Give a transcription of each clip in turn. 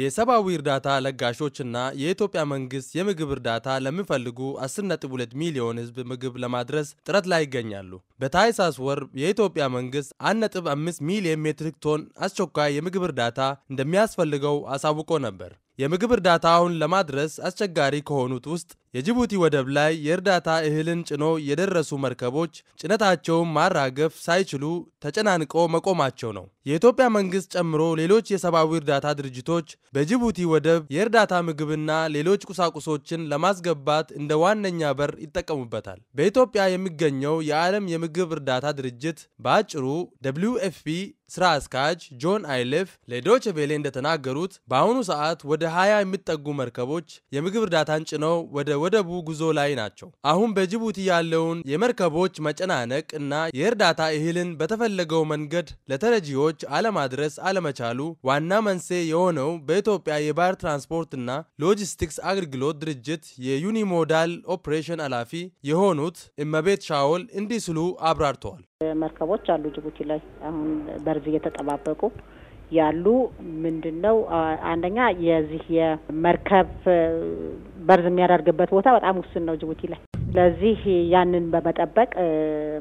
የሰብአዊ እርዳታ ለጋሾችና የኢትዮጵያ መንግስት የምግብ እርዳታ ለሚፈልጉ 10.2 ሚሊዮን ህዝብ ምግብ ለማድረስ ጥረት ላይ ይገኛሉ። በታህሳስ ወር የኢትዮጵያ መንግስት 1.5 ሚሊዮን ሜትሪክ ቶን አስቸኳይ የምግብ እርዳታ እንደሚያስፈልገው አሳውቆ ነበር። የምግብ እርዳታውን ለማድረስ አስቸጋሪ ከሆኑት ውስጥ የጅቡቲ ወደብ ላይ የእርዳታ እህልን ጭኖ የደረሱ መርከቦች ጭነታቸውን ማራገፍ ሳይችሉ ተጨናንቆ መቆማቸው ነው። የኢትዮጵያ መንግስት ጨምሮ ሌሎች የሰብአዊ እርዳታ ድርጅቶች በጅቡቲ ወደብ የእርዳታ ምግብና ሌሎች ቁሳቁሶችን ለማስገባት እንደ ዋነኛ በር ይጠቀሙበታል። በኢትዮጵያ የሚገኘው የዓለም የምግብ እርዳታ ድርጅት በአጭሩ ደብሊው ኤፍ ስራ አስኪያጅ ጆን አይልፍ ለዶች ቬሌ እንደተናገሩት በአሁኑ ሰዓት ወደ 20 የሚጠጉ መርከቦች የምግብ እርዳታን ጭነው ወደ ወደቡ ጉዞ ላይ ናቸው። አሁን በጅቡቲ ያለውን የመርከቦች መጨናነቅ እና የእርዳታ እህልን በተፈለገው መንገድ ለተረጂዎች አለማድረስ አለመቻሉ ዋና መንስኤ የሆነው በኢትዮጵያ የባህር ትራንስፖርትና ሎጂስቲክስ አገልግሎት ድርጅት የዩኒሞዳል ኦፕሬሽን ኃላፊ የሆኑት እመቤት ሻወል እንዲህ ስሉ አብራርተዋል። መርከቦች አሉ ጅቡቲ ላይ አሁን በርዝ እየተጠባበቁ ያሉ ምንድን ነው አንደኛ የዚህ የመርከብ በርዝ የሚያደርግበት ቦታ በጣም ውስን ነው ጅቡቲ ላይ። ስለዚህ ያንን በመጠበቅ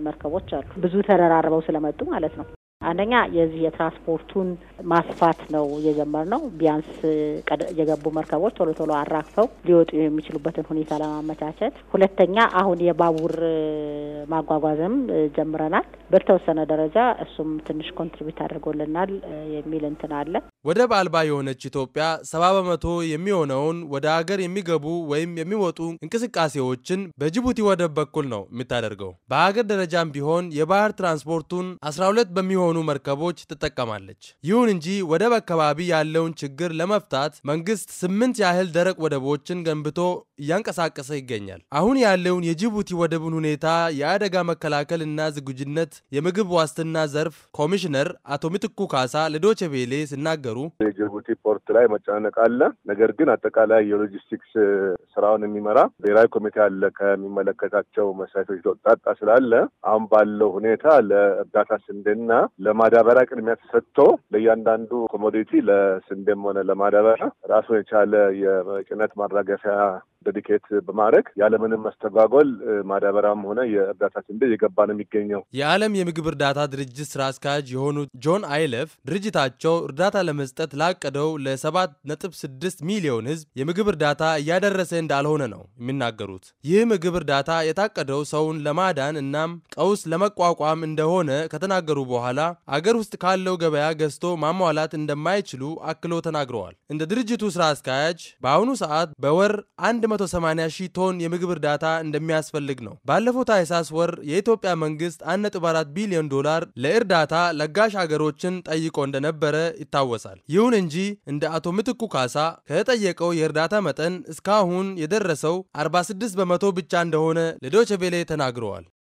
መርከቦች አሉ ብዙ ተደራርበው ስለመጡ ማለት ነው። አንደኛ የዚህ የትራንስፖርቱን ማስፋት ነው እየጀመር ነው። ቢያንስ የገቡ መርከቦች ቶሎ ቶሎ አራግፈው ሊወጡ የሚችሉበትን ሁኔታ ለማመቻቸት፣ ሁለተኛ አሁን የባቡር ማጓጓዝም ጀምረናል። በተወሰነ ደረጃ እሱም ትንሽ ኮንትሪቢዩት አድርጎልናል የሚል እንትን አለ። ወደብ አልባ የሆነች ኢትዮጵያ ሰባ በመቶ የሚሆነውን ወደ ሀገር የሚገቡ ወይም የሚወጡ እንቅስቃሴዎችን በጅቡቲ ወደብ በኩል ነው የምታደርገው። በሀገር ደረጃም ቢሆን የባህር ትራንስፖርቱን 12 በሚሆኑ የሆኑ መርከቦች ትጠቀማለች። ይሁን እንጂ ወደብ አካባቢ ያለውን ችግር ለመፍታት መንግስት ስምንት ያህል ደረቅ ወደቦችን ገንብቶ እያንቀሳቀሰ ይገኛል። አሁን ያለውን የጅቡቲ ወደብን ሁኔታ የአደጋ መከላከል እና ዝግጁነት የምግብ ዋስትና ዘርፍ ኮሚሽነር አቶ ምትኩ ካሳ ለዶቼ ቬሌ ሲናገሩ የጅቡቲ ፖርት ላይ መጨናነቅ አለ። ነገር ግን አጠቃላይ የሎጂስቲክስ ስራውን የሚመራ ብሔራዊ ኮሚቴ አለ ከሚመለከታቸው መስሪያ ቤቶች ወጣጣ ስላለ አሁን ባለው ሁኔታ ለእርዳታ ስንዴና ለማዳበሪያ ቅድሚያ ተሰጥቶ ለእያንዳንዱ ኮሞዲቲ ለስንዴም ሆነ ለማዳበሪያ ራሱን የቻለ የጭነት ማራገፊያ ዴዲኬት በማድረግ ያለምንም መስተጓጎል ማዳበራም ሆነ የእርዳታ ስንዴ እየገባ ነው የሚገኘው። የዓለም የምግብ እርዳታ ድርጅት ስራ አስኪያጅ የሆኑት ጆን አይለፍ ድርጅታቸው እርዳታ ለመስጠት ላቀደው ለ7.6 ሚሊዮን ህዝብ የምግብ እርዳታ እያደረሰ እንዳልሆነ ነው የሚናገሩት። ይህ ምግብ እርዳታ የታቀደው ሰውን ለማዳን እናም ቀውስ ለመቋቋም እንደሆነ ከተናገሩ በኋላ አገር ውስጥ ካለው ገበያ ገዝቶ ማሟላት እንደማይችሉ አክለው ተናግረዋል። እንደ ድርጅቱ ስራ አስኪያጅ በአሁኑ ሰዓት በወር አንድ 180 ሺህ ቶን የምግብ እርዳታ እንደሚያስፈልግ ነው። ባለፈው ታህሳስ ወር የኢትዮጵያ መንግስት 1.4 ቢሊዮን ዶላር ለእርዳታ ለጋሽ አገሮችን ጠይቆ እንደነበረ ይታወሳል። ይሁን እንጂ እንደ አቶ ምትኩ ካሳ ከጠየቀው የእርዳታ መጠን እስካሁን የደረሰው 46 በመቶ ብቻ እንደሆነ ለዶችቬሌ ተናግረዋል።